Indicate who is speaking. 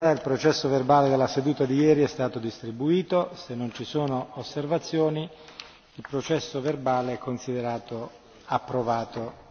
Speaker 1: il processo verbale della seduta di ieri è stato distribuito se non ci sono osservazioni il processo verbale è considerato approvato.